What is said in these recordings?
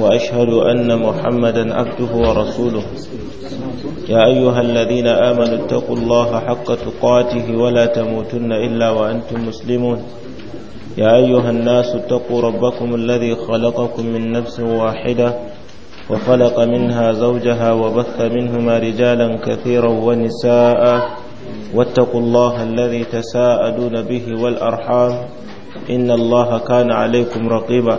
وأشهد أن محمدا عبده ورسوله يا أيها الذين آمنوا اتقوا الله حق تقاته ولا تموتن إلا وأنتم مسلمون يا أيها الناس اتقوا ربكم الذي خلقكم من نفس واحدة وخلق منها زوجها وبث منهما رجالا كثيرا ونساء واتقوا الله الذي تساءلون به والأرحام إن الله كان عليكم رقيبا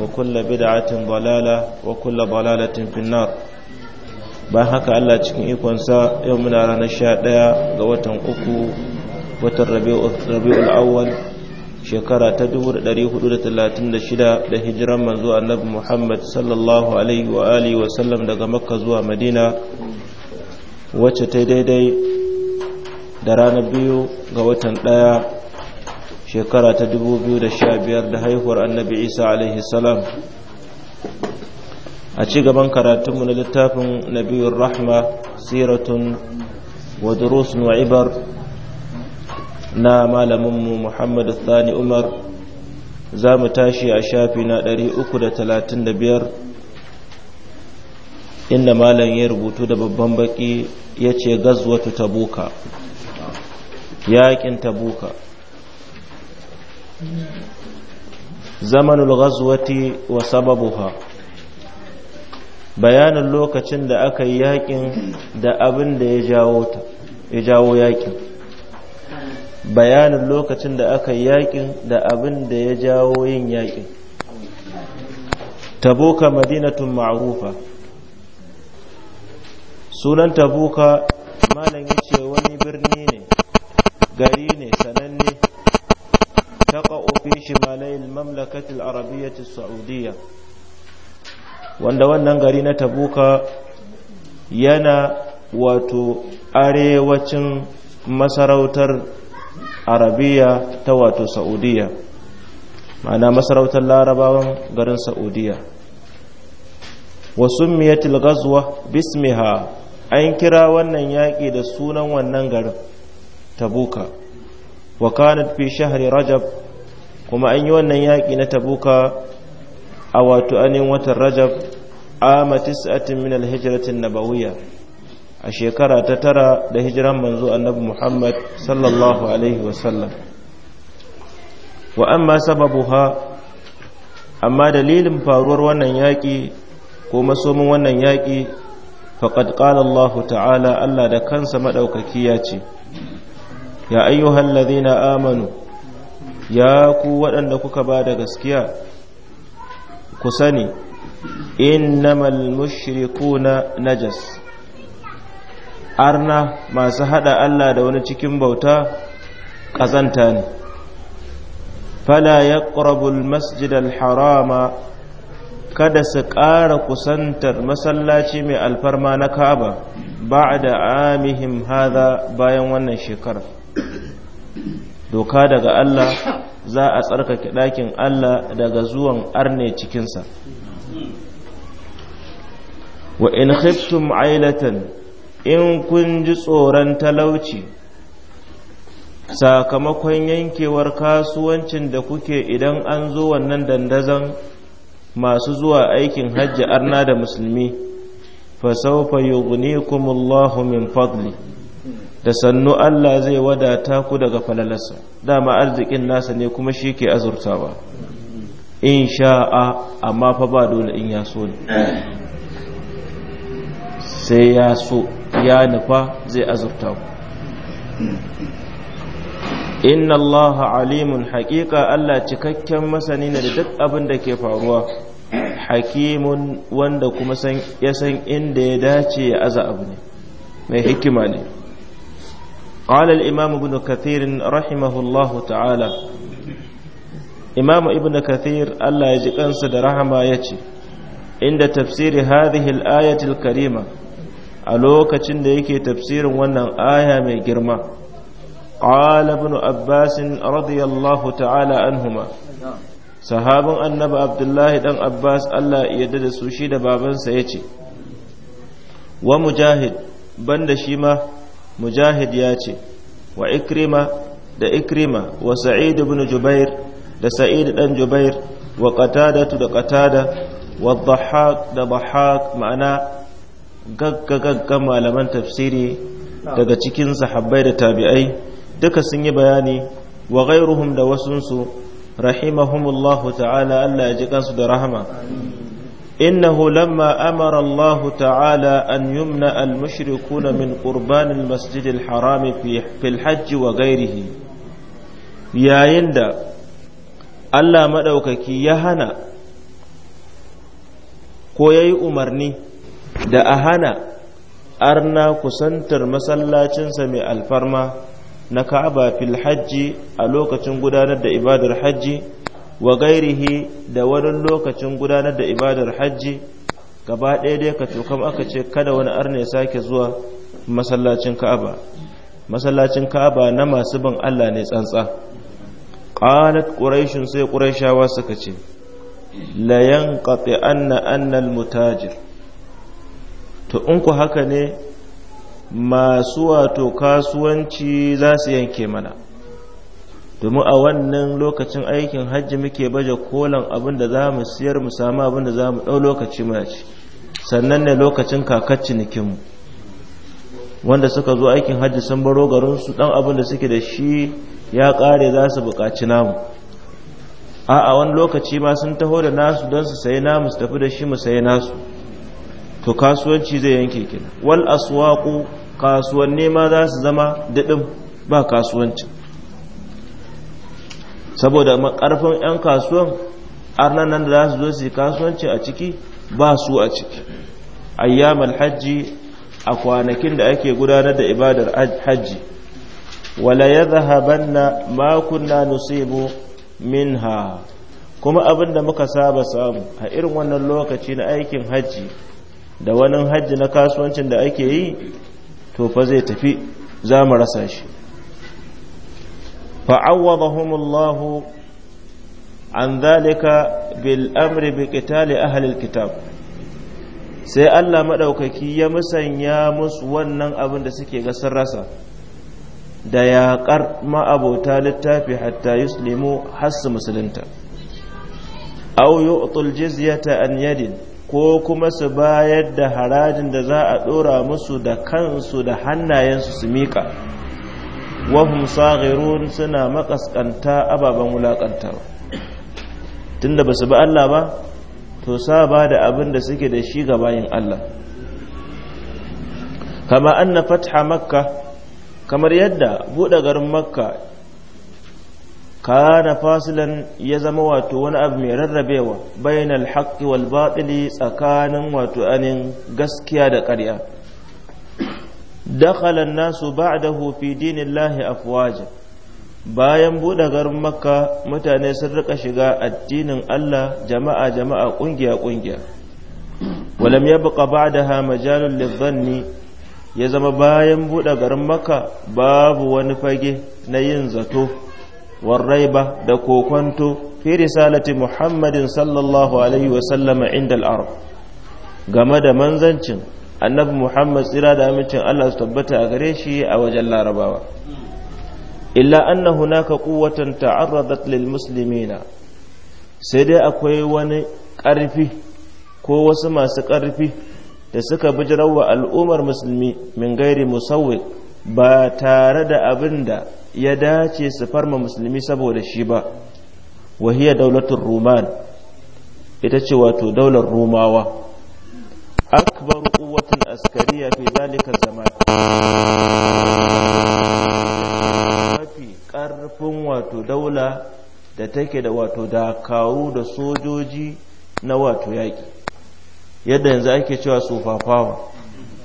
وكل بدعة ضلالة وكل ضلالة في النار ba haka Allah cikin ikonsa yau muna ranar sha ɗaya ga watan uku watan rabi'ul awwal shekara ta 436 da manzu manzo annabi Muhammad sallallahu alaihi wa wa sallam daga makka zuwa madina wacce ta daidai da rana biyu ga watan ɗaya shekara ta 2015 da haihuwar annabi isa alaihi salam a ci gaban karatunmu na littafin nabiyar rahma siratun wadurus nu'ibar na malaminmu muhammadu thani umar za mu tashi a shafi na 335 inda malam ya rubutu da babban baki ya ce ta tabuka yaƙin tabuka zamanul ghazwati wa sababuha bayanin lokacin da aka yi yakin da abin da ya jawo ta bayanin lokacin da aka yi yakin da abin da ya jawo yin yakin tabuka madinatun ma'rufa sunan tabuka malam yace wani birni ne gari ne sananne تقع في شمالي المملكة العربية Saudiyya, wanda wannan gari na tabuka yana wato arewacin masarautar arabiya ta wato saudiya ma'ana masarautar larabawan garin Saudiyya. wasu miyatil bismiha an kira wannan yaƙi da sunan wannan garin tabuka wa kanat fi shahri rajab kuma an yi wannan yaƙi na tabuka a wato anin watan rajab ama tis'atin minal hijiratin nabawiyya a shekara ta tara da hijiran manzo annabi Muhammad sallallahu alaihi wasallam wa amma ha, amma dalilin faruwar wannan yaƙi ko masomin wannan yaƙi faqad Allah ta'ala Allah da kansa maɗaukaki ya ce ya ayyuhallazina amanu ya ku waɗanda kuka ba da gaskiya ku sani innamal na najas arna masu haɗa Allah da wani cikin bauta ƙazanta ne fala ya ƙorabul masjidal harama kada su ƙara kusantar masallaci mai alfarma na ka'aba ba da amihim haza bayan wannan shekarar doka daga Allah za a tsarkake ɗakin Allah daga zuwan arne cikinsa wa in khiftum ailatan in kun ji tsoron talauci sakamakon yankewar kasuwancin da kuke idan an zo wannan dandazon masu zuwa aikin hajji arna da musulmi fasaufa yugunikumullahu min fadli da sannu Allah zai wadata ku daga falalarsa dama arzikin nasa ne kuma shi ke azurtawa in sha'a amma fa ba dole in ya so ne sai ya so ya nufa zai azurta ku inna allaha alimun haƙiƙa allah cikakken masani ne da duk abin da ke faruwa hakimun wanda kuma ya san inda ya dace ya aza abu ne mai hikima ne قال الإمام ابن كثير رحمه الله تعالى إمام ابن كثير ألا يجب أن صدرها ما يتي عند تفسير هذه الآية الكريمة ألوك تنديك تفسير ونن آية من جرمة قال ابن عباس رضي الله تعالى عنهما صحاب النبى عبد الله بن عباس ألا يدد سوشي بابا سيتي ومجاهد بند شيمه mujahid ya ce wa ikrima da ikrima wa sa'id ibn jubair da sa'id dan jubair wa qatadatu da qatada wa dhahhak da dhahhak ma'ana gaggagaggan malaman tafsiri daga cikin sahabbai da tabi'ai duka sun yi bayani wa ghairuhum da wasunsu rahimahumullahu ta'ala Allah ya ji kansu da rahama إنه لما أمر الله تعالى أن يمنأ المشركون من قربان المسجد الحرام في الحج وغيره يا يند ألا مدوكك يهنا كوي أمرني da a hana arna kusantar masallacinsa mai alfarma na ka'aba fil hajji a lokacin gudanar da wa gairihi da wani lokacin gudanar da ibadar hajji gaba ɗaya dai ka cokam aka ce kada wani arna ya sake zuwa masallacin ka'aba masallacin ka'aba na masu bin Allah ne tsantsa qalat quraishun sai quraishawa suka ce la yanqati anna anna mutajir to in ku haka ne masu wato kasuwanci za su yanke mana domin a wannan lokacin aikin hajji muke baje kolan abin da za mu siyar mu samu abin da za mu ɗau lokaci muna ci sannan ne lokacin kakar cinikinmu wanda suka zo aikin hajji sun baro garinsu ɗan abin da suke da shi ya ƙare za su buƙaci namu a a wani lokaci ma sun taho da nasu don su sayi namu su tafi da shi mu sayi nasu to kasuwanci zai yanke kina wal aswaqu kasuwanni ma za su zama daɗin ba kasuwancin saboda makarfin 'yan kasuwan arnan nan da za su zo su yi kasuwanci a ciki ba su a ciki ayyamal hajji a kwanakin da ake gudanar da ibadar hajji wala ya zahabanna makunna nusibu minha kuma abin da muka saba samu a irin wannan lokaci na aikin hajji da wani hajji na kasuwancin da ake yi to fa zai tafi za mu rasa shi فعوضهم الله عن ذلك بالأمر بقتال أهل الكتاب sai Allah maɗaukaki ya musanya musu wannan abin da suke gasar rasa da yaƙar ma'abota littafi hatta yuslimu hassu musulunta au yu'tul jizyata an yadin ko kuma su bayar da harajin da za a ɗora musu da kansu da hannayensu su miƙa wahum sagirun suna makaskanta ababen wulaƙanta tunda ba su ba Allah ba to saba da abin da suke da shi ga bayin Allah kama anna fatha makka kamar yadda buɗe garin makka kana fasilan ya zama wato wani abu mai rarrabewa bainal haqqi wal batili tsakanin wato anin gaskiya da ƙarya دخل الناس nasu في دين dinillahi afwaja bayan buɗe garin makka mutane sun rika shiga addinin Allah jama'a jama'a ƙungiya-ƙungiya. walam yabqa ba'daha majalun lidhanni ya zama bayan buɗe garin makka babu wani fage na yin zato warraiba da kokonto fi risalati muhammadin sallallahu alaihi wasallama inda al'arab game da manzancin annabi muhammad tsira da amincin allah su tabbata a gare shi a wajen larabawa illa anna hunaka quwwatan ta'arradat lil muslimina sai dai akwai wani ƙarfi ko wasu masu karfi da suka wa al'ummar musulmi min gairi musawwi ba tare da abin da ya dace su farma musulmi saboda shi ba wahiya daulatul ruman ita ce wato daular rumawa akbaru askariya fi zalika zaman mafi ƙarfin wato daula da take da wato dakawu da sojoji na wato yaƙi yadda yanzu ake cewa sufafawa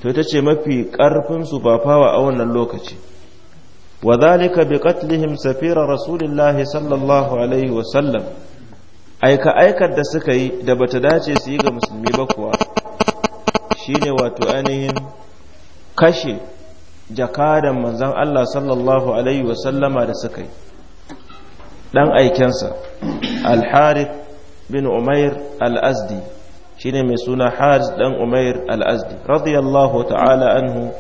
to ita ce mafi ƙarfin sufafawa a wannan lokaci wa zalika bi qatlihim safira rasulillahi sallallahu alaihi wa sallam aika aikar da suka yi da bata dace su yi ga musulmi ba kuwa shine wato ainihin kashe jakadan manzan Allah sallallahu alaihi wasallama da suka yi aikensa al-harith bin umair al-azdi shine mai suna harith ɗan umair al-azdi radiyallahu ta'ala anhu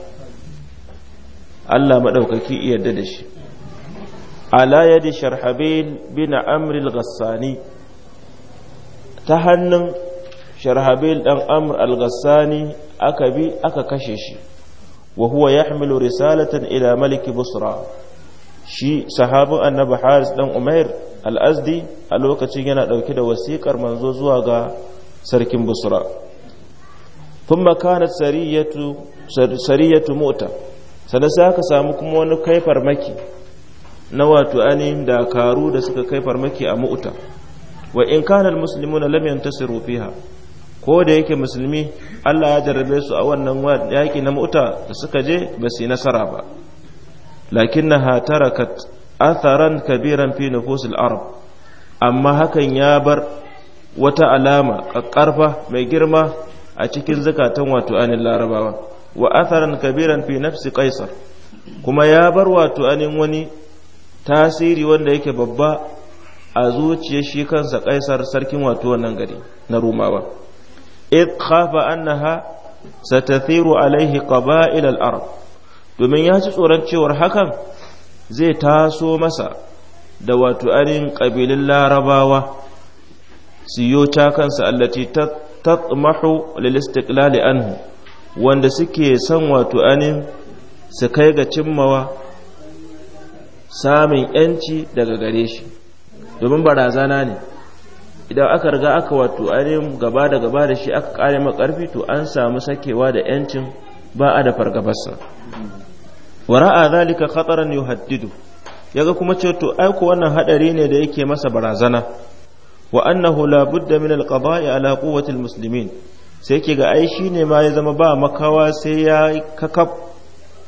Allah maɗaukaki yarda da shi ala yadi bin amril gassani ta hannun sharhabil dan amr al-ghassani aka bi aka kashe shi wa huwa yahmilu risalatan ila malik busra shi sahabin annabi haris dan umair al-azdi a lokacin yana dauke da wasiƙar manzo zuwa ga sarkin busra thumma kanat sariyatu sariyatu mu'ta sannan sai aka samu kuma wani kai farmaki na wato ainihin dakaru da suka kai farmaki a mu'ta wa in kana al-muslimuna lam yantasiru fiha ko da yake musulmi Allah ya jarrabe su a wannan yaki na mota da suka je ba su yi nasara ba lakinnaha tarakat atharan kabiran fi nufusil arab amma hakan ya bar wata alama ƙarfa mai girma a cikin zakatan wato anin larabawa wa atharan kabiran fi nafsi qaisar kuma ya bar wato anin wani tasiri wanda yake babba a zuciyar shi kansa kaisar sarkin wato wannan gari na rumawa id khafa annaha satathiru alaihi qaba'il al domin ya ci tsoron cewar hakan zai taso masa da wato arin ƙabilun larabawa siyo cakansa allaci ta tatmahu lilistiklali anhu wanda suke son wato anin su kai ga cimmawa samun yanci daga gare shi domin barazana ne idan aka riga aka wato ainihin gaba da gaba da shi aka kare makarfi to an samu sakewa da yancin ba a da fargabarsa wara'a zalika khataran yuhaddidu yaga kuma ce to ai ko wannan hadari ne da yake masa barazana wa annahu la budda min alqada'i ala quwwati almuslimin sai yake ga ai ne ma ya zama ba makawa sai ya kakab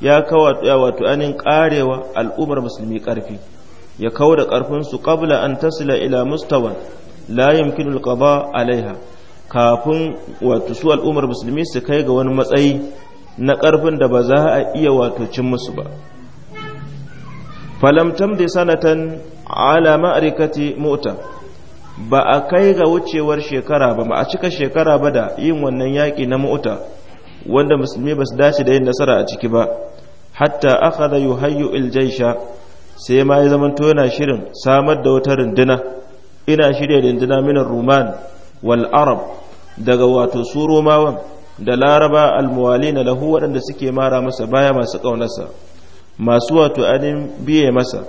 ya kawa wato anin karewa al'ummar musulmi karfi ya kawo da karfin su qabla an tasila ila mustawan la yamkinu alqada alaiha kafin wato su al'ummar musulmi su kai ga wani matsayi na ƙarfin da ba za a iya wato cin musu ba falam tamdi sanatan ala ma'rikati mota ba a kai ga wucewar shekara ba a cika shekara ba da yin wannan yaƙi na mota wanda musulmi ba su dace da yin nasara a ciki ba hatta akhadha yuhayyu aljaysha sai ma ya zamanto yana shirin samar da wata runduna ina shirya dindina minar ruman wal arab daga wato su romawa da laraba almuwali na lahu waɗanda suke mara masa baya masu ƙaunarsa masu wato anin biye masa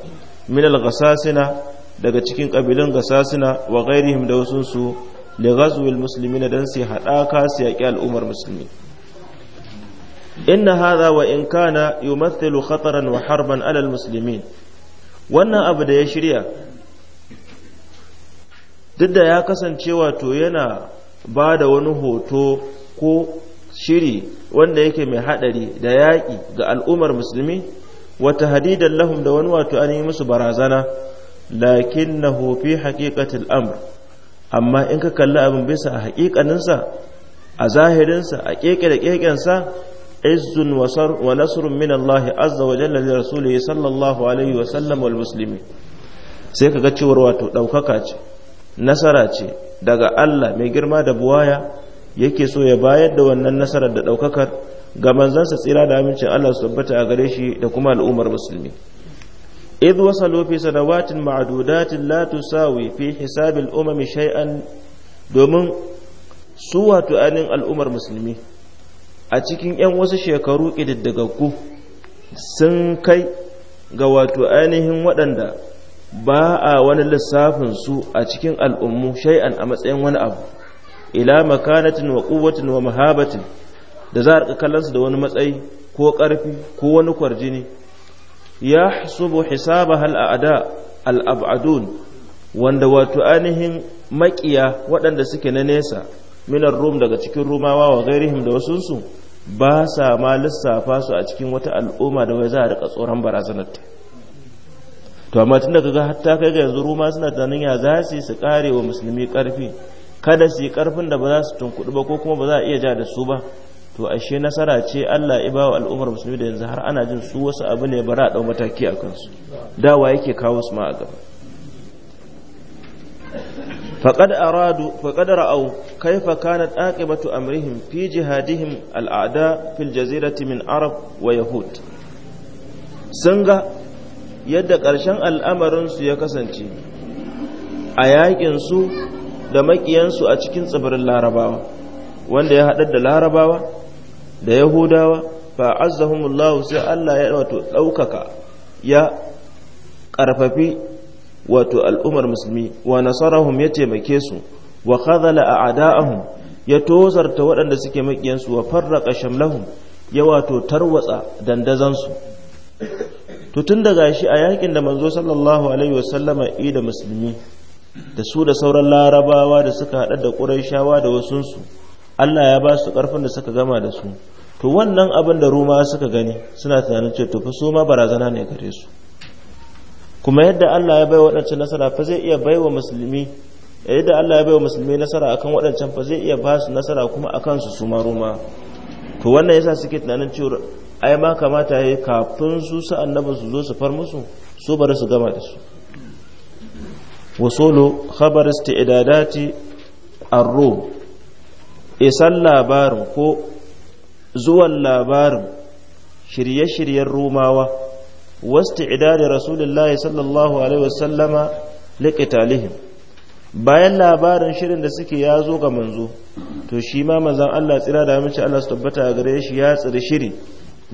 minal gasasina daga cikin ƙabilun gasasina wa gairihim da wasunsu li ghazwil muslimina dan su haɗaka su yaƙi al'ummar musulmi inna hadha wa in kana yumathilu khataran wa harban alal muslimin wannan abu da ya shirya duk da ya kasance wato yana ba da wani hoto ko shiri wanda yake mai haɗari da yaƙi ga al'ummar musulmi wata hadidar lahum da wani wato an yi musu barazana lakin na hofi haƙiƙatil amr amma in ka kalli abin bisa a haƙiƙaninsa a zahirinsa a ƙeƙe da ƙeƙensa izzun wa nasrun min Allah azza wa jalla rasulihi sallallahu alaihi wa sallam wal muslimin sai kaga cewar wato ɗaukaka ce nasara ce daga Allah mai girma da buwaya yake so ya bayar da wannan nasarar da ɗaukakar ga manzansa tsira da amincin Allah su tabbata a gare shi da kuma al'ummar musulmi idh wasalu fi sanawatin ma'dudatin la tusawi fi hisabil umami shay'an domin su wato anin al'ummar musulmi a cikin 'yan wasu shekaru ƙididdigaggu sun kai ga wato ainihin waɗanda ba a wani lissafin su a cikin al'ummu shai'an a matsayin wani abu ila makanatin wa ƙuwatin wa mahabatin da za a kallon su da wani matsayi ko ƙarfi ko wani kwarjini ya hasubu hisaba hal a ada alab'adun wanda wato ainihin makiya waɗanda suke na nesa minar rum daga cikin rumawa wa gairihim da wasunsu ba sa ma lissafa su a cikin wata al'umma da wai za a rika tsoron barazanarta to amma tunda kaga hatta kai ga yanzu ruma suna tunanin ya za su su kare wa musulmi karfi kada su yi karfin da ba za su tunkuɗu ba ko kuma ba za a iya ja da su ba to ashe nasara ce Allah ya bawa al'ummar musulmi da yanzu har ana jin su wasu abu ne bara a dau mataki a kansu dawa yake kawo su ma a gaba faqad aradu faqad ra'aw kayfa kanat aqibatu amrihim fi jihadihim al'ada fil jazirati min arab wa yahud sun yadda ƙarshen al'amarinsu ya kasance a yaƙinsu da maƙiyansu a cikin tsibirin larabawa wanda ya haɗar da larabawa da yahudawa fa azzahumullahu sai Allah ya wato ɗaukaka ya ƙarfafi wato al'ummar musulmi wa nasarahum ya taimake su wa a a'da'ahum ya tozarta waɗanda suke maƙiyansu wa farraƙa shamlahum ya wato tarwatsa dandazansu to tun da gashi a yakin da manzo sallallahu alaihi wasallama i da musulmi da su da sauran larabawa da suka haɗa da ƙuraishawa da wasunsu Allah ya ba su ƙarfin da suka gama da su to wannan abin da ruma suka gani suna tunanin cewa to fa su ma barazana ne gare su kuma yadda Allah ya bai waɗancan nasara fa zai iya baiwa musulmi yadda Allah ya baiwa musulmi nasara akan waɗancan fa zai iya ba su nasara kuma akan su su ma ruma to wannan yasa suke tunanin cewa ai ma kamata ya yi kafin su su annabi su zo su far musu su bari su gama da su wasu lo khabar isti'dadati ar-rum isan labarin ko zuwan labarin shirye-shiryen rumawa wasu idadi rasulullahi sallallahu alaihi wasallama liƙitalihim bayan labarin shirin da suke ya zo ga manzo to shi ma manzan Allah tsira da mace Allah su tabbata gare shi ya tsiri shiri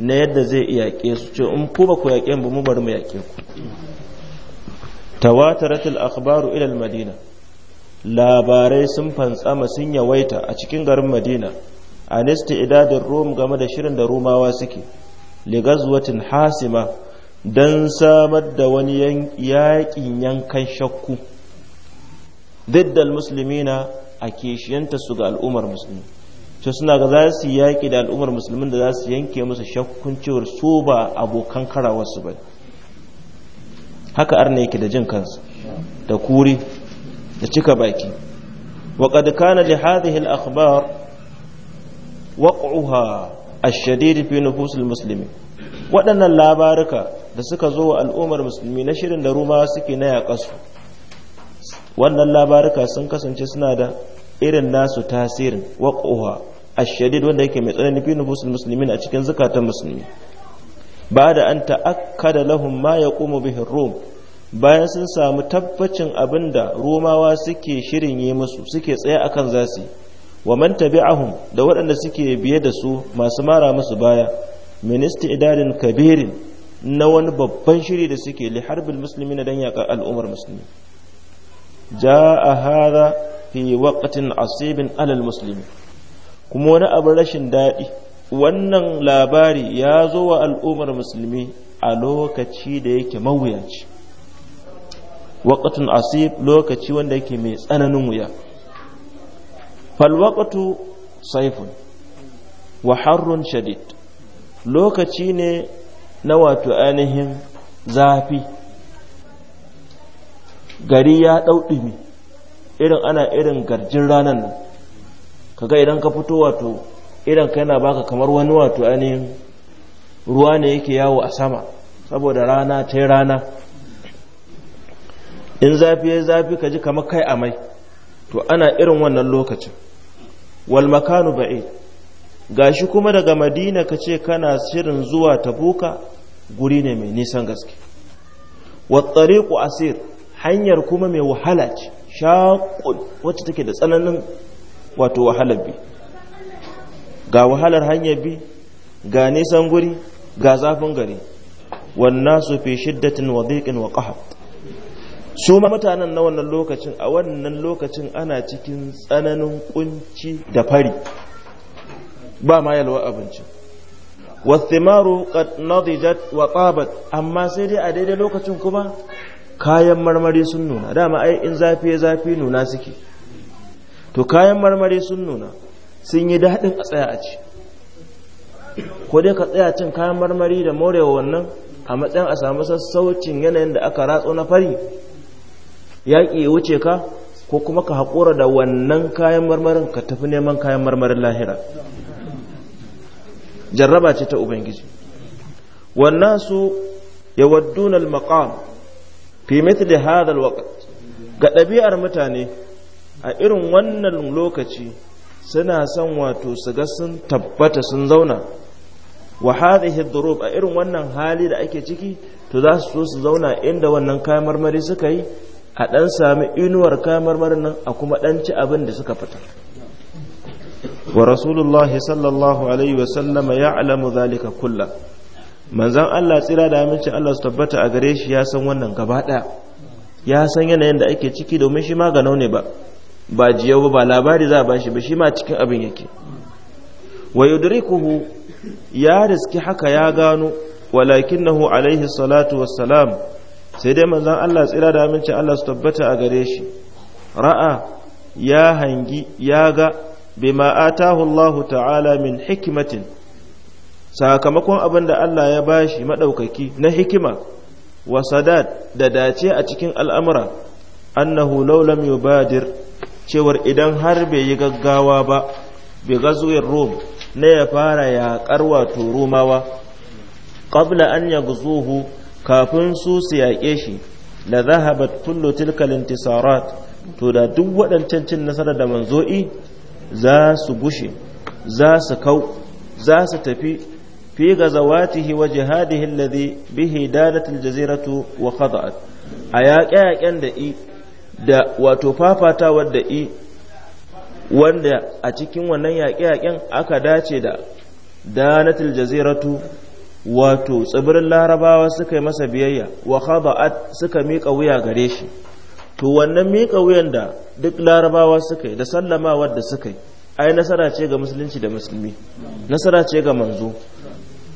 na yadda zai iya yaƙe su ce in ku ba ku yaƙe mu mu bari mu yaƙe ku tawatarat al-akhbaru ila al-madina labarai sun fantsama sun yawaita a cikin garin madina anisti idadin rum game da shirin da rumawa suke li gazwatin hasima dan samar da wani yaƙin yankan shakku diddal muslimina a kishiyanta su ga al'ummar musulmi sai suna ga za su yaƙi da al'ummar musulmin da za su yanke musu shakkun cewar su ba abokan karawarsu ba haka arna yake da jin kansa da kuri da cika baki al-akhbar waq'uha الأخبار shadid fi nufus al-muslimin waɗannan labaruka da suka zo wa al'ummar musulmi na shirin da ruma suke na yaƙasu wannan labaruka sun kasance suna da irin nasu tasirin waƙuwa. ashadid wanda yake mai tsanani fi nufusul a cikin zukatan musulmi ba da an da lahumma ma yaqumu bihin rom bayan sun samu tabbacin abin da romawa suke shirin yi musu suke tsaye kan zasi wa man tabi'ahum da waɗanda suke biye da su masu mara musu baya ministi idadin kabirin na wani babban shiri da suke li harbin musulmi na dan yaƙar al'ummar musulmi a hadha fi waƙatin asibin alal musulmi kuma wani abin rashin daɗi wannan labari ya zo wa al'ummar musulmi a lokaci da yake mawuyaci waƙatun asib lokaci wanda yake mai tsananin wuya falwaƙatu saifun wa harrun shadid lokaci ne na wato ainihin zafi gari ya ɗauɗumi irin ana irin garjin ranar nan Ka ga idan ka fito wato idan ka yana baka kamar wani wato ainihin ruwa ne yake yawo a sama saboda rana ta rana in zafi ya zafi ka ji kamar kai amai to ana irin wannan lokacin wal makanu ba'i gashi kuma daga madina ka ce kana shirin zuwa tabuka guri ne mai nisan gaske wattariku asir hanyar kuma mai wahala ce shaƙul wacce take da tsananin wato wahalar bi ga wahalar hanyar bi ga nisan guri ga zafin gari wannan su fi shiddatin wa dhiqin wa qahab su mutanen na wannan lokacin a wannan lokacin ana cikin tsananin kunci da fari ba ma yalwa abinci wasu qad nadijat wa tabat amma sai dai a daidai lokacin kuma kayan marmari sun nuna dama ai in zafi ya zafi nuna suke to kayan marmari sun nuna sun yi daɗin a tsaya a ci ko dai ka tsaya cin kayan marmari da morewa wannan a matsayin a samu sassaucin yanayin da aka ratso na fari yaƙi ya wuce ka ko kuma ka haƙura da wannan kayan marmarin ka tafi neman kayan marmarin lahira jarraba ce ta ubangiji wannan su ya waddunan maƙam fi mitu da hadal waƙa ga ɗabi'ar mutane a irin wannan lokaci suna son wato su ga sun tabbata sun zauna wa hadhihi dhurub a irin wannan hali da ake ciki to za su so su zauna inda wannan kayan marmari suka yi a dan sami inuwar kayan marmarin nan a kuma dan ci abin da suka fita wa rasulullahi sallallahu alaihi wa sallama ya'lamu zalika kulla manzon Allah tsira da aminci Allah su tabbata a gare shi ya san wannan gaba daya ya san yanayin da ake ciki domin shi ma ga ne ba ba jiyau ba labari za a bashi ba shi ma cikin abin yake wa yudrikuhu ya riski haka ya gano walakinahu alaihi salatu wassalam sai dai manzon Allah tsira da aminci Allah su tabbata a gare shi ra'a ya hangi ya ga bima atahu Allah ta'ala min hikmatin sakamakon abin da Allah ya bashi maɗaukaki na hikima wa sadad da dace a cikin al'amura annahu law lam yubadir cewar idan har bai yi gaggawa ba bi gazuwar rom na ya fara yaƙar wato romawa ƙabla an ya guzuhu kafin su su yaƙe shi la zahabat kullu tilka intisarat to da duk waɗancan cin nasara da manzo'i za su gushe za su kau za su tafi fi ga gazawatihi wa jihadihi alladhi bihi dalat al-jaziratu wa qada'at a yaƙe-yaƙen da da wato fafata wadda i wanda a cikin wannan yaƙe-yaƙen aka dace da danatil jaziratu wato tsibirin larabawa suka yi masa biyayya wa khada'at suka miƙa wuya gare shi to wannan miƙa wuyan da duk larabawa suka yi da sallama wadda suka yi ai nasara ce ga musulunci da musulmi nasara ce ga manzo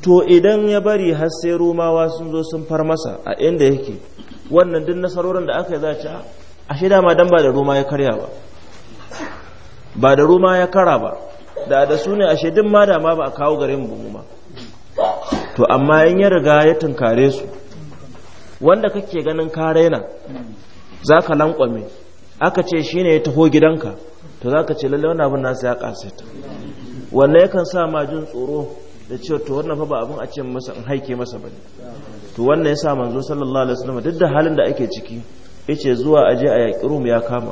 to idan ya bari har sai romawa sun zo sun far masa a inda yake wannan duk nasarorin da aka yi za a ashe dama dan ba da ruma ya karya ba ba da ruma ya kara ba da da su ne ashe duk ma dama ba a kawo garin mu ba to amma in ya riga ya tunkare su wanda kake ganin ka raina za ka lankwame aka ce shi ne ya taho gidanka to za ka ce lalle wani abin nasu ya wanda ya yakan sa ma jin tsoro da cewa to wannan fa ba abin a ce masa in haike masa bane to wannan ya sa manzo sallallahu alaihi wasallam duk da halin da ake ciki yace zuwa aje a yaƙi rum ya kama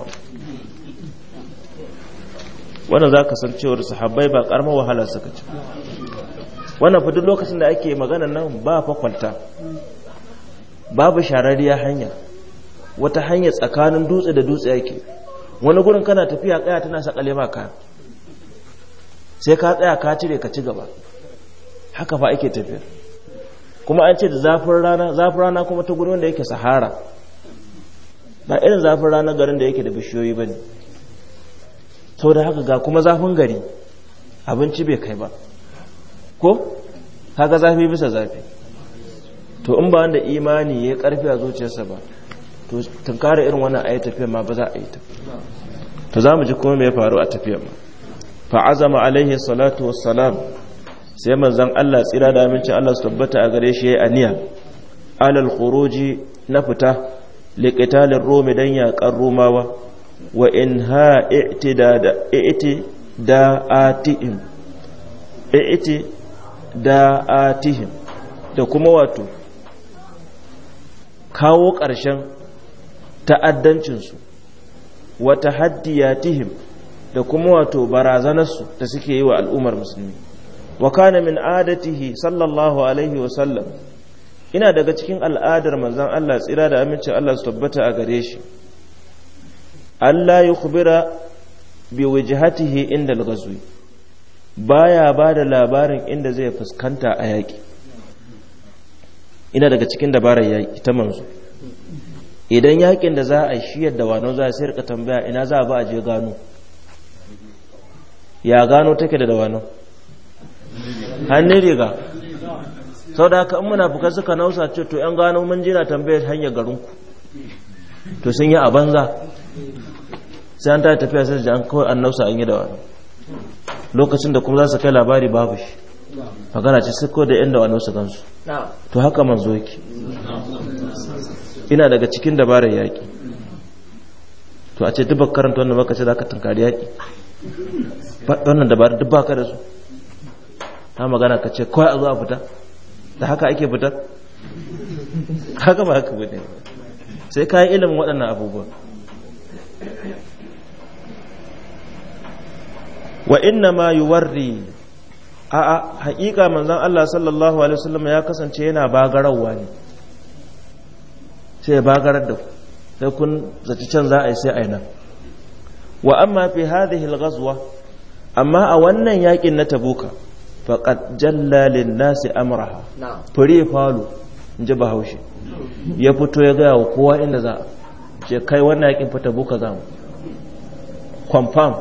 wannan za ka san cewar sahabbai ba ƙarma wahala suka ci wannan fa duk lokacin da ake magana nan ba fa kwalta babu shararriya hanya wata hanya tsakanin dutse da dutse yake wani gurin kana tafiya kaya tana sakale ma ka sai ka tsaya ka cire ka ci gaba haka fa ake tafiya kuma an ce da zafin rana zafin rana kuma ta gurin da yake sahara ba irin zafin ranar garin da yake da bishiyoyi ba ne sau da haka ga kuma zafin gari abinci bai kai ba ko haka zafi bisa zafi to in ba wanda imani ya karfi a zuciyarsa ba to tunkara irin wannan ayi tafiya ma ba za a yi ta to za mu ji kuma mai ya faru a tafiya. ma fa azama alaihi salatu wassalam sai manzon Allah tsira da amincin Allah su tabbata a gare shi yayi aniya alal khuruji na fita liƙitalin romi don yaƙar romawa wa in ha iti da atihim iti da atihim da kuma wato kawo ƙarshen ta'addancinsu wata haddiyatihim da kuma wato barazanarsu da suke yi wa al'ummar musulmi wa kana min adatihi sallallahu alaihi wasallam ina daga cikin al'adar manzan Allah tsira da amincin Allah su tabbata a gare shi Allah ya kubira bi wajihatihi inda al baya ba da labarin inda zai fuskanta a yaƙi ina daga cikin dabarar yaƙi ta manzo idan yaƙin da za a shi yadda wano za a sai tambaya ina za a ba a je gano ya gano take da wano? hannun riga sau da haka in fuka suka nausa ce to yan gano mun jina tambayar hanyar garinku to sun yi a banza sai an ta tafiya sai an kawai an nausa an yi da wani lokacin da kuma za su kai labari babu shi magana ce sai kawai da yan da wani su gansu to haka manzo yake ina daga cikin dabarar yaƙi to a ce duk karanta wannan baka ce za ka tunkari yaƙi wannan dabarar duk baka da su ta magana ka ce kawai a zuwa fita da haka ake fitar haka ba haka bude sai ka yi ilimin waɗannan abubuwa wa inna ma yi warri? a'a haƙiƙa manzan Allah sallallahu alaihi wasallam ya kasance yana bagarawa ne sai bagarar da sai kun zaci can za a yi sai a yi nan wa amma fi hadhihi al-ghazwa amma a wannan yakin na tabuka faqad jallalin nasi amraha fure falo in ji bahaushe ya fito ya gaya wa kowa inda za ce kai wannan yakin fita buka za mu confirm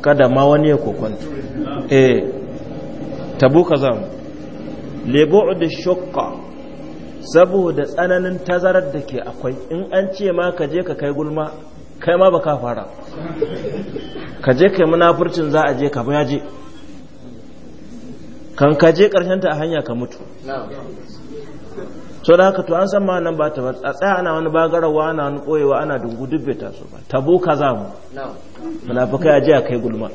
kada ma wani ya kokonta eh tabuka za mu lebo da shokka saboda tsananin tazarar da ke akwai in an ce ma ka je ka kai gulma kai ma ba ka fara ka je kai munafurcin za a je ka bayaje je kan ka je karshen ta a hanya ka mutu so da haka to an san ma nan ba ta ba a tsaya ana wani bagarawa ana wani koyewa ana dungu dubbe ta so ba tabo ka za mu munafikai a je kai gulma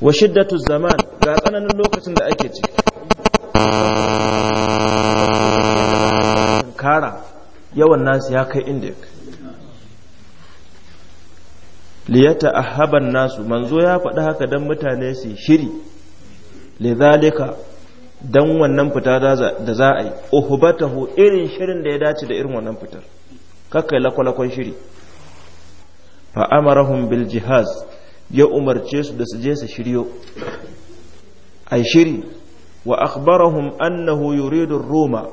wa shiddatu zaman ga tsananin lokacin da ake ciki kara yawan nasu ya kai inda ya kai liyata ahaban nasu manzo ya faɗi haka don mutane su shiri lizalika don wannan fita da za a yi uhubatahu irin shirin da ya dace da irin wannan fitar kakai lakwalakon shiri fa'amarahun bil jihaz ya umarce su da su je su shiryo a shiri wa akhbarahum annahu yuridu roma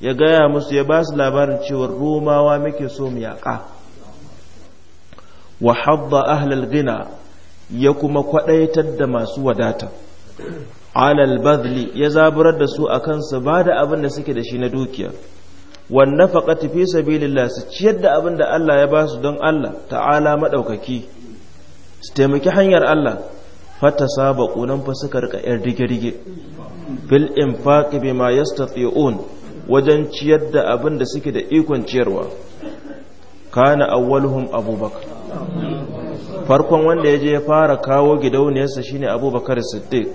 ya gaya musu ya ba su labarin cewar romawa muke so mu yaƙa wa hadda ahlal gina ya kuma kwadaitar da masu wadata alal badli ya zaburar da su a su ba da abin da suke da shi na dukiya wan faƙati fi sabilillah su ciyar da abin da Allah ya ba su don Allah ta'ala maɗaukaki, su taimaki hanyar Allah fata saba nan fa suka rika yar rige-rige fil bima yastati'un wajen ciyar da abin da suke da ikon ciyarwa kana awwaluhum abubakar farkon wanda ya je ya fara kawo gidauniyarsa shine abubakar siddiq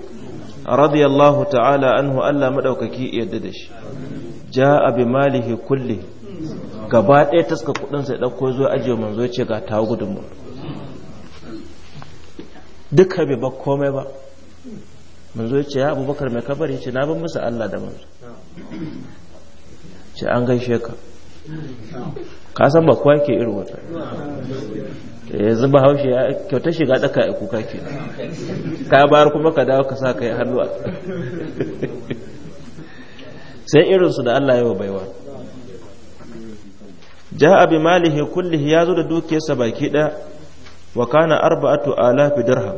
radiyallahu ta'ala anhu Allah maɗaukaki yadda da shi ja abi malihi kulli gaba ɗaya taska kudin ya ɗauko zuwa ajiye manzo ce ga ta gudunmu mu duka bai ba komai ba manzo ce ya abubakar mai kabari ce na ban musu Allah da manzo ce an gaishe ka ka san ba kowa ke irin wata eh, yanzu ba haushe ya kyauta shiga daka ya kuka ke ka bayar kuma ka dawo ka sa ka yi hannu sai irinsu da Allah yawa baiwa ja abi malihi kullihi ya zo da dukiyarsa baki ɗaya wa kana arba'atu alafi dirham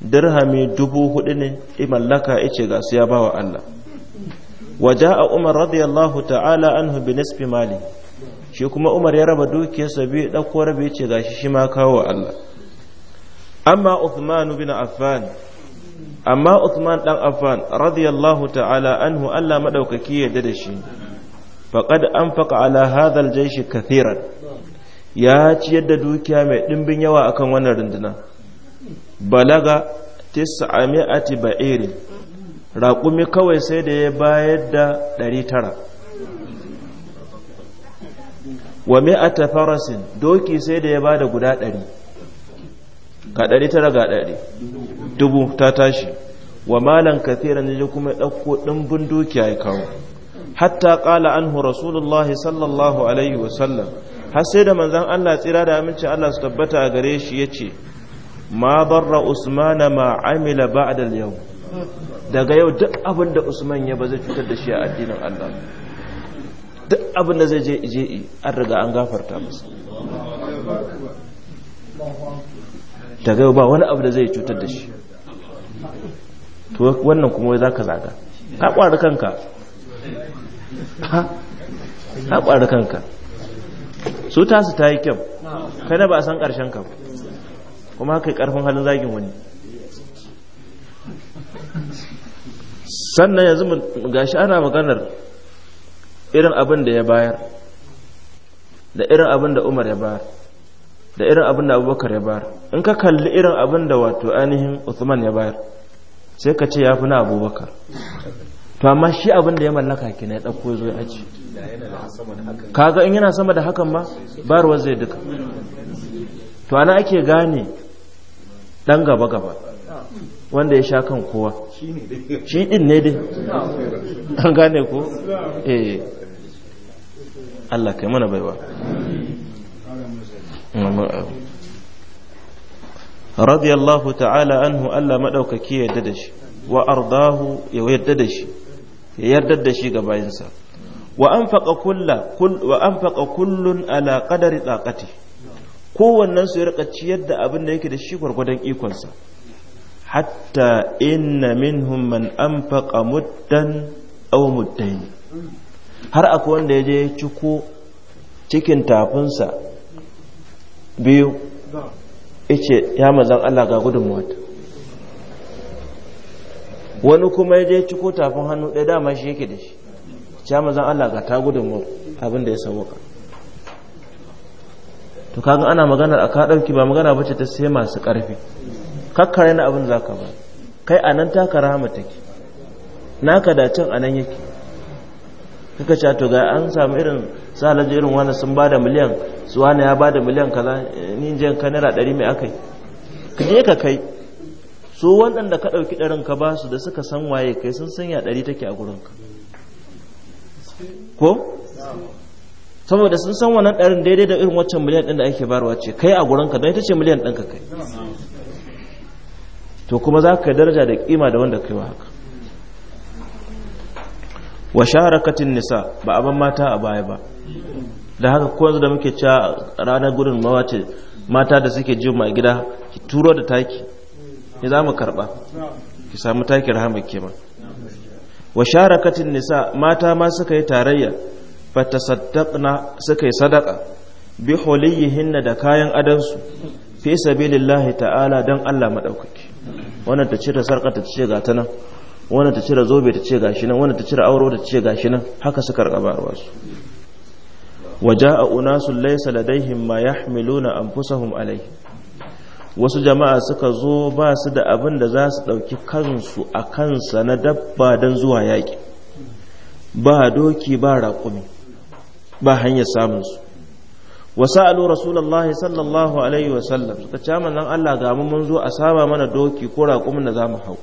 dirhami dubu hudu ne imallaka ice ga su ya bawa Allah wa ja'a umar radiyallahu ta'ala anhu bi nisfi mali shi kuma umar ya raba dukiyarsa bi dauko rabi ce gashi shi ma kawo Allah amma Uthman bin Affan amma Uthman dan Affan radiyallahu ta'ala anhu Allah madaukaki ya da shi faqad anfaqa ala hadha aljaysh kathiran ya ci yadda dukiya mai dimbin yawa akan wannan runduna balaga 900 ba'irin raƙumi kawai sai da ya bayar da ɗari tara wa mi'ata farasin doki sai da ya ba da guda ɗari ga ɗari tara ga ɗari dubu ta tashi wa malan kathiran ya kuma ɗauko ɗimbin dukiya ya kawo hatta ƙala anhu rasulullahi sallallahu alaihi wasallam har sai da manzan Allah tsira da amincin Allah su tabbata a gare shi ya ce ma barra usmana ma amila ba'dal yau daga yau duk abin da usman ya ba zai cutar da shi a addinin allah duk abin da zai je ije an riga an gafarta masu daga yau ba wani abu da zai cutar da shi to wannan kuma za ka zaga ka kwari kanka ka kwari kanka su tasu ta yi kyau kai na ba a san ƙarshen ka kuma haka yi ƙarfin halin zagin wani sannan yanzu ga shi ana maganar irin abin da ya bayar da irin abin da umar ya bayar da irin abin da abubakar ya bayar in ka kalli irin abin da wato ainihin usman ya bayar sai ka ce ya fi na abubakar to amma shi abin da ya mallaka ki na ya ɗauko zo ya aji kaga in yana sama da hakan ma barwar zai duka to ana ake gane ɗan gaba-gaba wanda ya sha kan kowa shi din ne dai an gane ko eh Allah kai mana baiwa radiyallahu ta'ala anhu Allah madaukaki ya yarda da shi wa ardahu ya yarda da shi ya yarda da shi ga bayinsa wa anfaqa kulla wa anfaqa kullun ala qadari taqati kowannen su ya rika ciyar da abin da yake da shi gwargwadon ikonsa hatta إن منهم من أنفق مدا أو مدين har akwai wanda yaje ya ciko cikin tafinsa biyu ice ya mazan Allah ga wani kuma ya je ciko tafin hannu ɗaya dama shi yake da shi ya mazan Allah ga ta gudun abin da ya sauka to kaga ana maganar a ka ɗauki ba magana bace ta sai masu ƙarfi kakkare na abin za ka ba kai a nan taka rahama take ka dacin a nan yake kaka ce to ga an samu irin salaji irin wani sun ba da miliyan su wani ya ba da miliyan kaza ni je ka naira ɗari mai akai ka je ka kai su waɗanda ka ɗauki ɗarin ka ba su da suka san waye kai sun sanya ɗari take a gurinka ko saboda sun san wannan ɗarin daidai da irin waccan miliyan ɗin da ake barwa ce kai a gurinka don ita ce miliyan ɗinka kai to kuma za ka daraja da kima da wanda kai wa haka wa sharakatin nisa ba abin mata a baya ba da haka kowanzu da muke cewa ranar gudun mawace mata da suke jin ma gida ki turo da taki ya za mu karɓa ki samu taki rahama kima. wa sharakatin nisa mata ma suka yi tarayya fata saddaqna suka yi sadaka bi huliyihinna da kayan adansu fi sabilillahi ta'ala don Allah maɗaukaki wannan ta cire sarka ta ce ga ta nan wannan ta cire zobe ta ce gashi nan wannan ta cire auro ta ce gashi nan haka suka rika bayarwa su waja'a unasul laysa ladaihim ma yahmiluna anfusahum alai" wasu jama'a suka zo ba su da abin da za su dauki kansu a kansa na dabba dan zuwa yaki ba doki ba raƙumi ba hanyar samun su wa sa'alu rasulullahi sallallahu alaihi wa sallam suka ce nan Allah ga mun zo a saba mana doki ko raƙumin da mu hau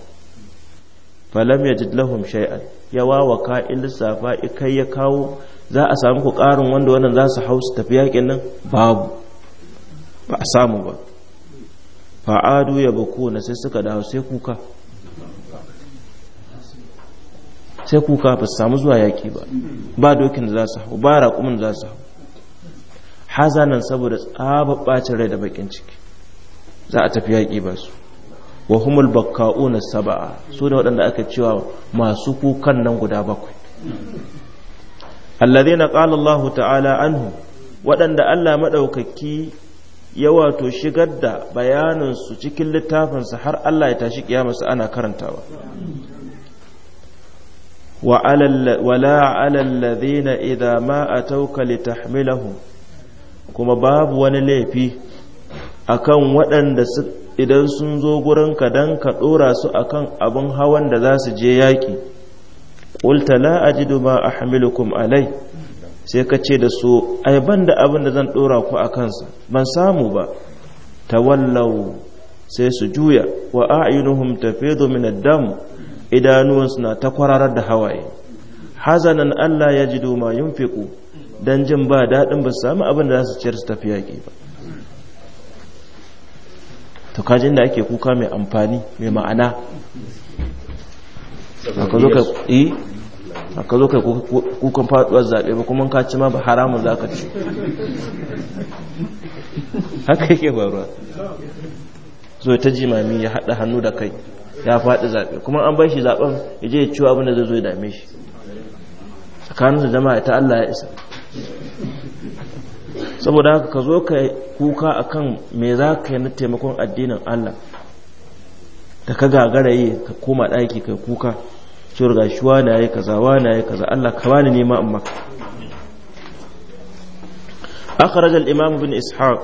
falam yajid lahum shay'an ya wawa ka lissafa kai ya kawo za a samu ku ƙarin wanda wannan za su hau su tafi yaƙin nan babu ba a samu ba fa'adu ya bako na sai suka dawo sai kuka sai kuka ba su samu zuwa yaƙi ba ba dokin da za su hau ba raƙumin da za su hau hazanan saboda tsaba bacin rai da bakin ciki za a tafi yaƙi ba su wa humul bakka'una saba'a su da waɗanda aka cewa masu kukan nan guda bakwai alladhina qala Allahu ta'ala anhu waɗanda Allah maɗaukaki ya wato shigar da bayaninsu cikin littafinsa har Allah ya tashi kiyama ana karantawa wa ala wala ala alladhina idza ma atawka litahmilahum kuma babu wani laifi akan waɗanda idan sun zo ka don ka ɗora su akan abin hawan da za su je yaƙi ƙulta la ajidu a ahmilukum alai sai ka ce da su ai ban da abin da zan ɗora ku a kansa ban samu ba ta tawallau sai su juya wa a'yunuhum tafidu min dam idanuwansu na ta kwararar da hawaye hazanan Allah ya ji yin fiƙo don jin ba daɗin ba su sami abin da za su ciyar su tafi yaƙi ba to kajin da ake kuka mai amfani mai ma'ana a ka zo kai eh, kukan faɗuwar zaɓe ba kuma ka ci ma ba haramun za ka ci haka yake faruwa zo ta jimami ya haɗa hannu da kai ya faɗi zaɓe kuma an bai shi zaɓen ya je ya ciwa abin da zai zo ya dame shi tsakaninsu jama'a ta Allah ya isa saboda haka ka zo ka kuka a kan me za ka yi na taimakon addinin Allah da ka gagara yi ka koma ɗaki kai kuka cewar ga shi ya kaza na ya kaza Allah ka bani nema amma akhraj al-imam ibn ishaq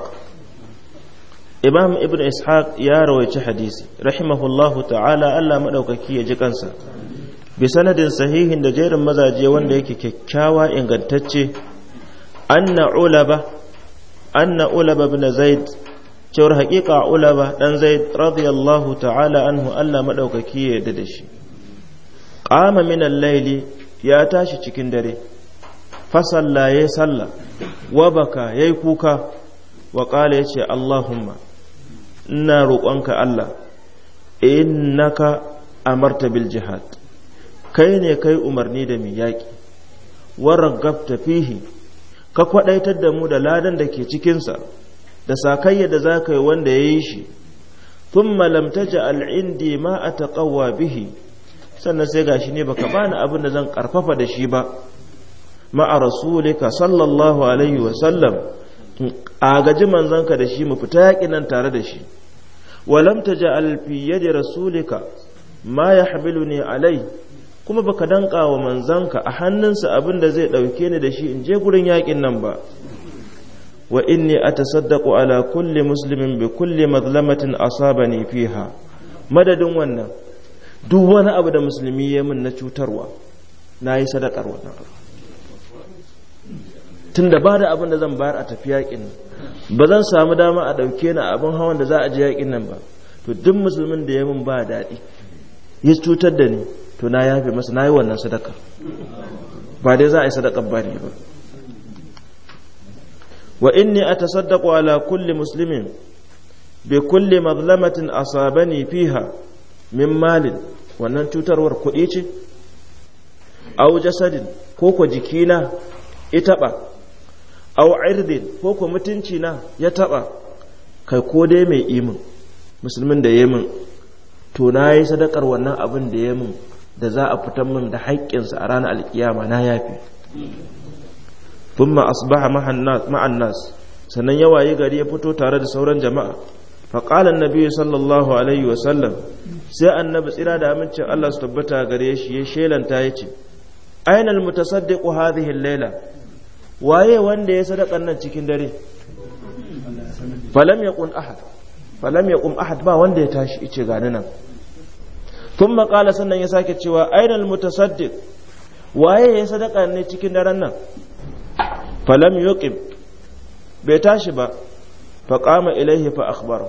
imam ibn ishaq ya rawaici hadisi rahimahullahu ta'ala Allah maɗaukaki ya ji kansa bi sanadin sahihin da jerin mazaje wanda yake kyakkyawa ingantacce anna ulaba anna ulaba ibn zaid cewar haƙiƙa ulaba ɗan zaid radiyallahu ta'ala anhu Allah maɗaukaki ya yarda da shi qama min al-layli ya tashi cikin dare fa salla ya salla wa baka yayi kuka wa qala yace Allahumma ina roƙonka Allah innaka amarta bil jihad kai ne kai umarni da mi yaƙi wa ragabta fihi ka kwadaitar da mu da ladan da ke cikinsa da sakayya da za ka yi wanda ya yi shi thumma lam taj'al indi ma taƙawa bihi sannan sai gashi ne baka bani abin da zan ƙarfafa da shi ba ma'a rasulika sallallahu alaihi wa sallam agaji manzanka da shi mu fita yaƙi nan tare da shi walam taj'al fiye da rasulika ma ya ne alai kuma baka danka wa manzanka a hannunsa abin da zai ɗauke ni da shi in je gurin yakin nan ba wa inni atasaddaqu ala kulli muslimin bi kulli madlamatin asabani fiha madadin wannan duk wani abu da musulmi ya min na cutarwa nayi sadakar wannan tunda ba da abin da zan bayar a tafi yaƙin ba zan samu dama a ɗauke ni abin hawan da za a je yakin nan ba to duk musulmin da ya min ba daɗi ya cutar da ni to na yafe masa na yi wannan sadaka ba dai za a yi sadaka ba ne ba wa inni atasaddaqu ala kulli muslimin bi kulli mazlamatin asabani fiha min malin wannan cutarwar kuɗi ce au jasadin ko ko jikina ya taɓa au irdin ko ko mutuncina ya taɓa kai ko dai mai imin musulmin da ya min to na yi sadakar wannan abin da ya min da za a fitan min da haƙƙinsa a ranar alkiyama na yafi thumma asbaha ma'an nas sannan ya waye gari ya fito tare da sauran jama'a faƙalan nabi sallallahu alaihi sallam sai annabi tsira da amincin Allah su tabbata gare shi ya shelanta ya ce ainal mutasaddiqu hadhihi al-laila waye wanda ya sadaka nan cikin dare falam yaqum ahad falam yaqum ahad ba wanda ya tashi ice gani nan thumma qala sannan ya sake cewa ainal mutasaddiq waye ya sadaka ne cikin daren nan falam yuqib bai tashi ba fa qama ilaihi fa akhbara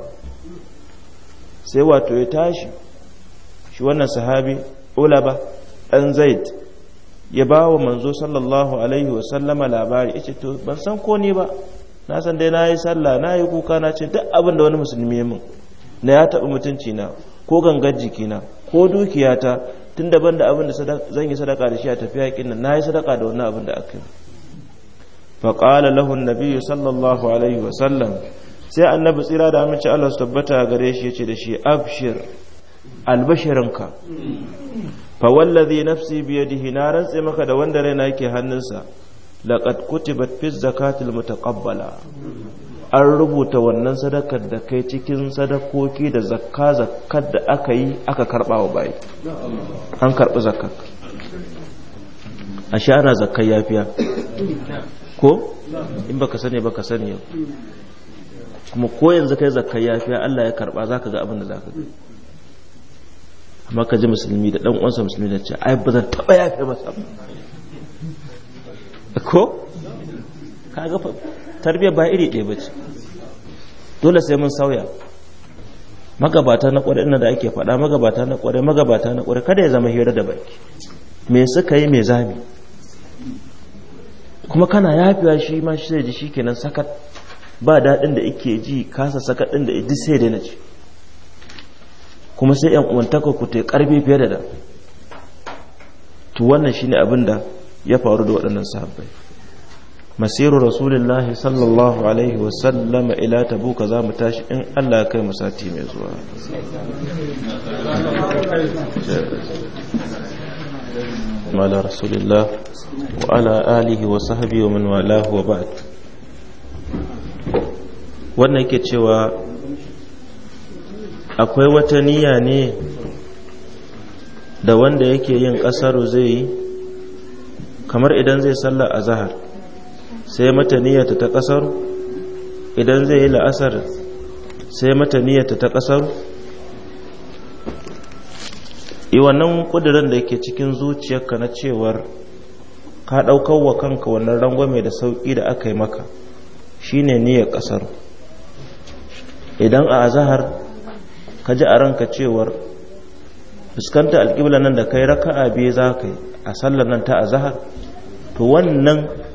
sai wato ya tashi shi wannan sahabi ulaba dan zaid ya ba wa manzo sallallahu alaihi wa sallama labari yace to ban san ko ni ba na san dai nayi sallah yi kuka na ce duk abin da wani musulmi ya min na ya taɓa mutunci na ko gangar jikina? ko dukiyata tun daban da abin da zan yi sadaka da shi a tafi yakin nan na yi sadaka da wannan abin da aka yi faƙala lahun nabiyu sallallahu alaihi wasallam sai annabi tsira da amince allah su tabbata gare shi ya ce da shi abshir albashirinka fawallazi nafsi yadihi na rantse maka da wanda raina yake hannunsa laqad kutibat fi zakatil mutaqabbala an rubuta wannan sadakar da kai cikin sadakoki da zakka zakkar da aka yi aka karba wa bayi an karbi zakkar a shara zakkar yafiya ko in baka sani baka sani yau kuma ko yanzu kai zakkar yafiya Allah ya karba ka ga abin da za ka ga amma ka ji musulmi da ɗan uwansa musulmi da ce ai ba zan taba yafiya masa ko kaga tarbiyyar ba iri ɗaya bace dole sai mun sauya magabata na ƙwarai da ake faɗa magabata na ƙwarai magabata na ƙwarai kada ya zama hira da baki me suka yi me zami kuma kana yafiwa shi ma shi zai ji shi kenan sakat ba daɗin da ike ji kasa sakat ɗin da idi sai dai na ci kuma sai yan uwantaka ku ta ƙarfi fiye da da to wannan shine abin da ya faru da waɗannan sahabbai masiru rasulullahi sallallahu alaihi wasallam ila tabuka za mu tashi in Allah kai mu sati mai zuwa mala rasulillah wa ala alihi wa sahbihi wa man walahu wa ba'd wannan yake cewa akwai wata niyya ne da wanda yake yin kasaru zai yi kamar idan zai sallar azhar sai mata niyyata ta kasar idan zai yi la'asar sai mata niyyata ta kasar yi wannan kudirin da yake cikin zuciyarka na cewar ka ɗaukar wa kanka wannan rangwame da sauƙi da aka yi maka shine niyyar kasar idan a azahar ka ji a ranka cewar fuskanta alƙibla nan da kai raka'a biyu za ka yi a sallar nan ta azahar to wannan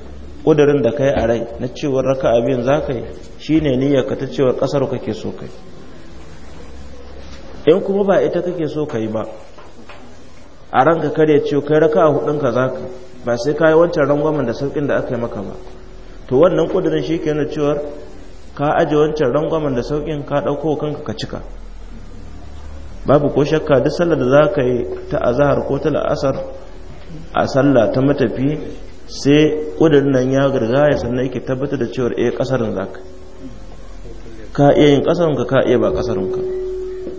ƙudurin da kai a rai na cewar raka abin za ka yi shi ne niyyarka ta cewar ƙasar kake so kai in kuma ba ita kake so kai ba a ranka kare cewa kai raka a hudunka za ka ba sai ka yi wancan rangwamen da sauƙin da aka yi maka ba to wannan ƙudurin shi ke na cewar ka aje wancan rangwamen da sauƙin ka ɗauko kanka ka cika babu ko shakka duk sallar da za ka yi ta azahar ko ta la'asar a sallah ta matafi sai ƙudurin nan ya ya sannan yake tabbatar da cewar a eh, ƙasarin za ka ka iya yin ƙasarinka ka iya ba ƙasarinka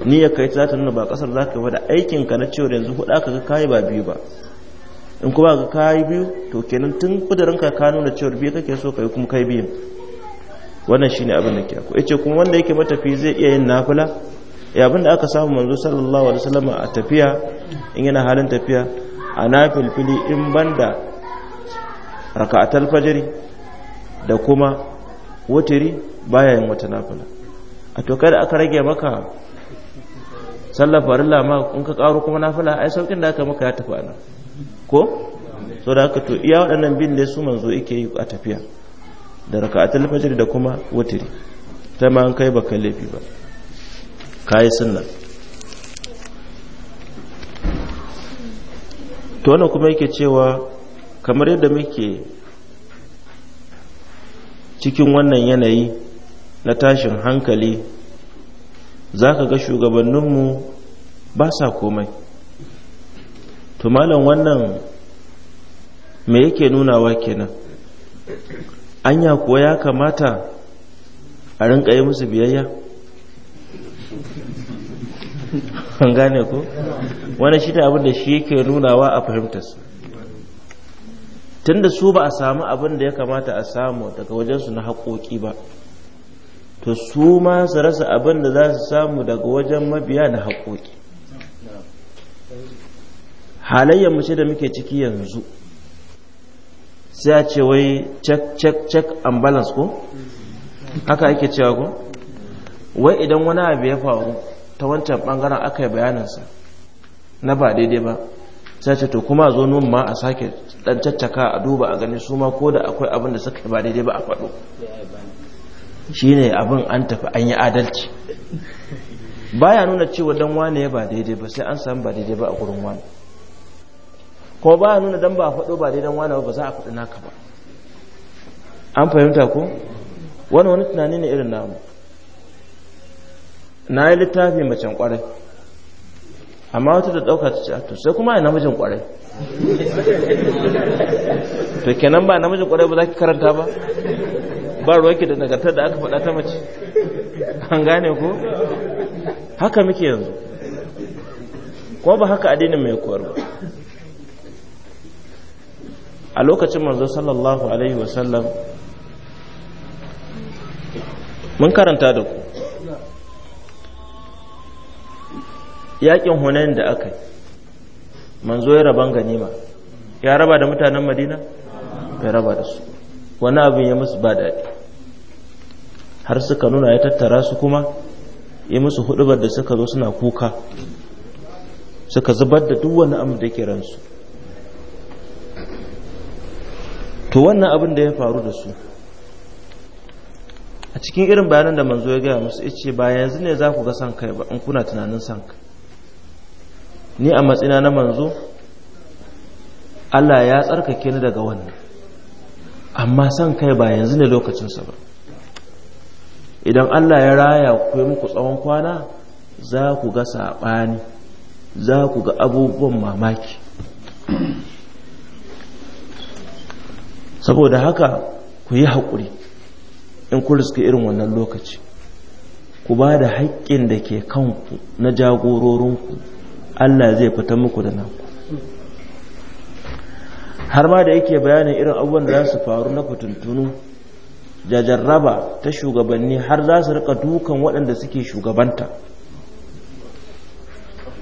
ni ya kai ta nuna ba ƙasar za ka yi ba aikinka na cewar yanzu hudu aka ka yi ba biyu ba in kuma ka ka yi biyu to kenan tun ƙudurinka ka nuna cewar biyu kake so ka yi kuma kai biyu, wannan shine abin da ke akwai ce kuma wanda yake matafi zai iya yin nafila ya abin da aka samu manzo sallallahu alaihi wasallam a tafiya in yana halin tafiya a nafilfili in banda raka'atul fajr da kuma wutri bayan wata nafila a to kada aka rage maka sallar farilla ma in ka karo kuma nafila ai saukin da aka maka ya tafi ana ko so da haka to iya waɗannan bin da su manzo yake yi a tafiya da raka'atul fajr da kuma wutri ta ma an kai baka laifi ba kayi sunna to wannan kuma yake cewa kamar yadda muke cikin wannan yanayi na tashin hankali za ka ga shugabanninmu ba sa komai tumalan wannan me yake nunawa kenan anya kuwa ya kamata a rinka yi musu biyayya an gane ko wani shi da abin da shi yake nunawa a fahimtarsa tunda su ba a samu abin da ya kamata a samu daga wajensu na haƙoƙi ba to su ma su rasa abin da za su samu daga wajen mabiya na haƙoƙi halayyar mu da muke ciki yanzu sai a ce wai check check check and ko haka ake cewa ko wai idan wani abu ya faru ta wancan bangaren aka yi bayaninsa na ba daidai ba sai ce to kuma zo nun ma a sake dan caccaka a duba a gani su ma ko da akwai abin da suka yi ba daidai ba a faɗo Shi ne abin an tafi an yi adalci baya nuna cewa dan wane ya ba daidai ba sai an samu ba daidai ba a gurin wani ko baya nuna dan ba faɗo ba daidan wane ba za a faɗi naka ba an fahimta ko wani wani tunani ne irin namu na yi littafi macen kwarai amma wata da ɗauka ta ce ah, to sai kuma ya namijin ƙwarai to kenan ba namijin ƙwarai ba za ki karanta ba ba ruwanki da nagartar da aka faɗa ta mace an gane ko haka muke yanzu ko ba haka addinin mai koyar ba a lokacin manzo sallallahu alaihi wasallam mun karanta da ku yakin hunayen da aka yi manzo ya raban ganima ya raba da mutanen madina ya raba da su wani abin ya musu ba daɗi har suka nuna ya tattara su kuma ya musu hudubar da suka zo suna kuka suka zubar da duk wani abu da ke ransu to wannan abin da ya faru da su a cikin irin bayanan da manzo ya gaya musu ice ba yanzu ne za ku ga san kai ba in kuna tunanin san kai ni a matsina na manzo Allah ya tsarkake ni daga wannan amma san kai ba yanzu ne lokacinsa ba idan Allah ya raya ku yi muku tsawon kwana za ku ga saɓani za ku ga abubuwan mamaki saboda haka ku yi haƙuri in ku riska irin wannan lokaci ku ba da haƙƙin da ke kanku na jagororinku Allah zai fita muku da nan har ma da yake bayanin irin abubuwan da za su faru na fitintunu da jarraba ta shugabanni har za su rika dukan waɗanda suke shugabanta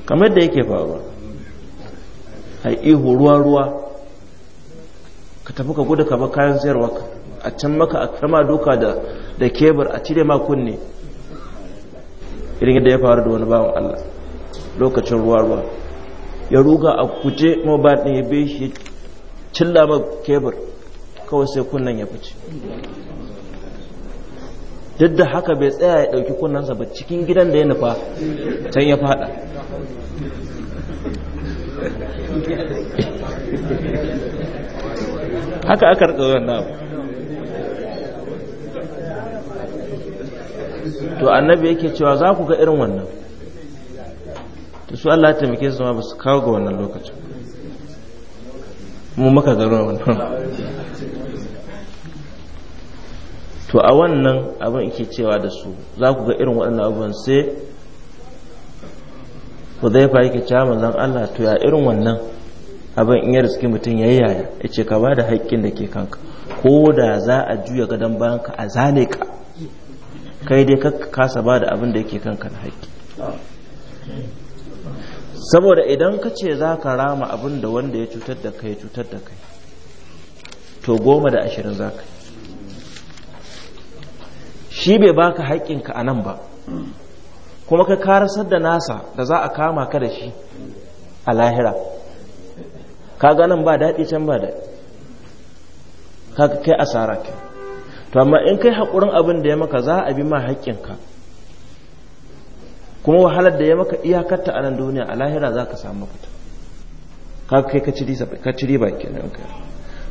kamar da yake faruwa hai ihu ruwa-ruwa ka tafi ka gudu ka ba kayan sayarwa a can maka a kama doka da kebur a cire ma kunne irin yadda ya faru da wani bawan Allah lokacin ruwa-ruwa ya ruga a kuce ba ɗin ya bi shi ya cilla ba kebur kawai sai kunnan ya fice duk da haka bai tsaya ya ɗauki kunnansa ba cikin gidan da ya nufa can ya fada haka aka rika wannan na to annabi yake cewa za ku ga irin wannan su Allah ya taimake su ma ba su kawo ga wannan lokacin mu muka zaro wannan to a wannan abin ke cewa da su za ku ga irin waɗannan abubuwan sai ku zai fa yake cewa manzon Allah to ya irin wannan abin in ya riski mutum ya yi yaya ce ka ba da haƙƙin da ke kanka ko da za a juya gadon bayan ka a zane ka kai dai ka kasa ba da abin da yake kanka na haƙƙi saboda idan ka ce za ka rama abin da wanda ya cutar da kai cutar da kai to goma da ashirin za ka shi bai baka haƙƙinka a nan ba kuma ka karasar da nasa da za a kama ka da shi a lahira ka ganin ba daɗi can ba daɗi ka kai asara kai. to amma in kai haƙurin abin da ya maka za a bi ma haƙƙinka kuma wahalar da ya maka iyakarta a nan duniya a lahira za ka samu mafita ka kai ka ba ke nan kai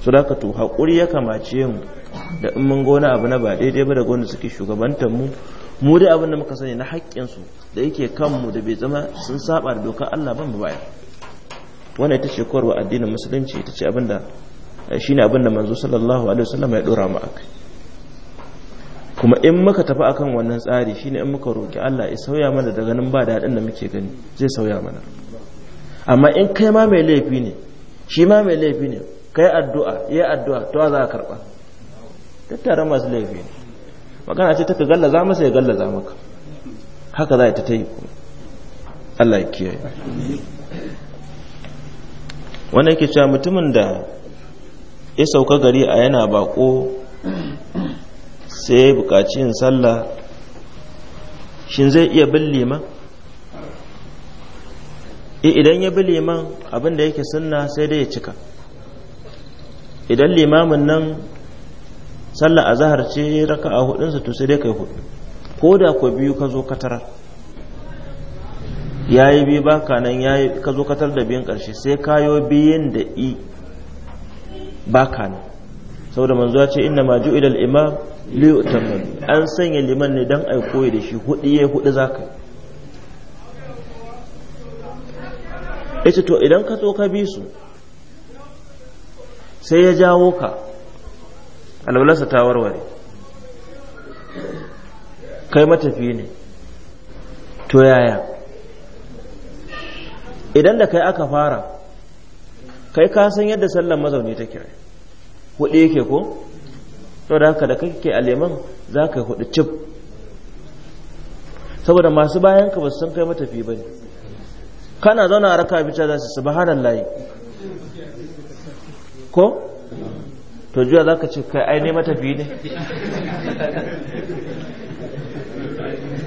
so da ka to hakuri ya kamace mu da in mun gona abu na ba daidai ba da gona suke shugabantar mu mu da abin da muka sani na su da yake kanmu da bai zama sun saba da dokar Allah ban mu baya wannan ita ce korwa addinin musulunci ita ce abin da shine abin da manzo sallallahu alaihi wasallam ya dora mu akai kuma in muka tafi akan wannan tsari shine in muka roki Allah ya sauya mana da ganin ba da daɗin da muke gani zai sauya mana amma in kai ma mai laifi ne shi ma mai laifi ne kai addu'a yayi addu'a to za ka karba tattara masu laifi ne magana ce taka gallaza masa ya gallaza maka haka za ta tayi Allah ya kiyaye wanda yake cewa mutumin da ya sauka gari a yana bako sai bukaci yin sallah shin zai iya bin liman eh, idan ya bi liman abin da yake sunna sai dai ya cika idan limamin nan sallah a zahar ce raka a hudunsa to sai dai kai hudu ko da ko biyu ka zo katarar ya yi biyu baka nan ya ka zo katar da biyun karshe sai kayo biyun da i baka nan saboda da manzuwa ce inna ma idal imam liyu an sanya liman ne don ai da shi hudu ya hudu za ka to idan ka zo ka bi su sai ya jawo ka alwalarsa ta warware kai matafi ne to yaya idan da kai aka fara kai ka san yadda sallan mazauni take hudu yake ko saboda haka da kake a leman za ka hudu cif saboda masu bayan ka ba su san kai matafi ba ne kana zauna a raka bita za su subhanan layi ko to juya za ka ce kai aini matafi ne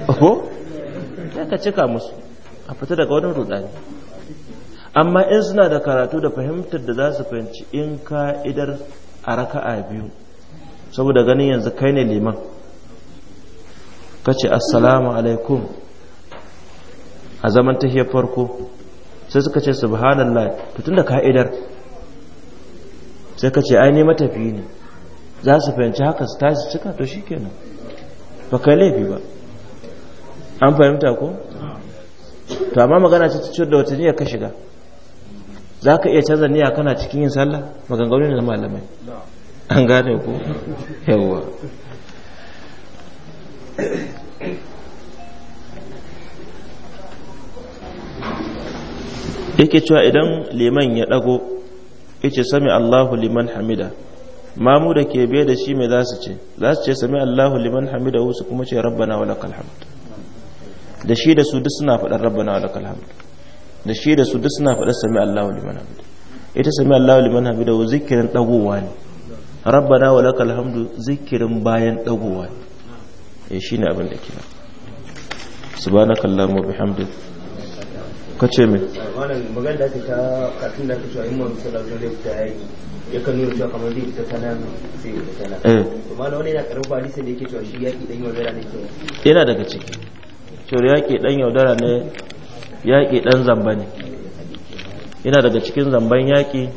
ko ya ka cika musu a fita daga wani rudani amma in suna da karatu da fahimtar da za su fahimci in ka idar a raka'a biyu saboda ganin yanzu kai ne liman ka ce assalamu alaikum a zaman ta farko sai suka ce subhanallah tutun da ka'idar sai ka ce ai ne matafi ne za su fahimci haka su tashi cika to shi kenan ba kai laifi ba an fahimta ko to amma magana ce ta da wata niyyar ka shiga za ka iya canza niyya kana cikin yin sallah maganganu ne na malamai an gane ku yawwa yake cewa idan liman ya ɗago yace sami Allahu liman hamida mamu da ke biye da shi mai za su ce za su ce sami Allahu liman hamida su kuma ce rabbana wa lakal hamd da shi da su duk suna faɗar rabbana wa lakal hamd da shi da su duk suna faɗar sami Allahu liman hamida ita sami Allahu liman hamida zikirin ɗagowa ne rabbana wa lakal hamdu zikirin bayan dagowa eh, shi ne abin da kira subhanakallahumma bihamdik kace me wannan magana da ta katin da ta imam sallallahu alaihi ya kan nuna cewa kamar ta ta ne ke daga ciki cewa yaki dan yaudara ne yaki dan zamba ne yana daga cikin zamban yaƙi.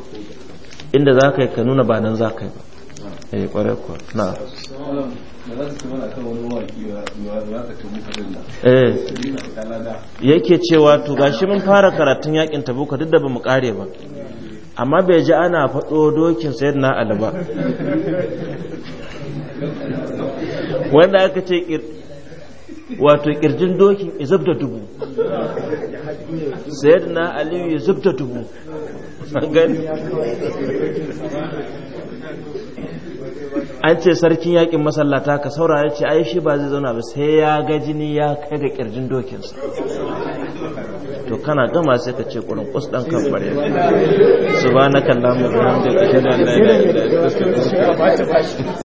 inda za ka yi ka nuna ba nan za ka yi ba eh kwarai kuwa na eh yake cewa to gashi mun fara karatun yakin tabuka duk da bamu kare ba amma bai ji ana faɗo dokin sayar na alba wanda aka ce wato kirjin dokin izab da dubu sayar na aliyu izab da dubu an ce sarkin yakin masallata ka saura ya ce ai shi ba zai zauna ba sai ya ga jini ya kai ga kirjin dokinsa to kana gama sai ka ce kurin kus dan kan bare subhanakallahumma wa bihamdika ashhadu an la ilaha illa anta astaghfiruka wa atubu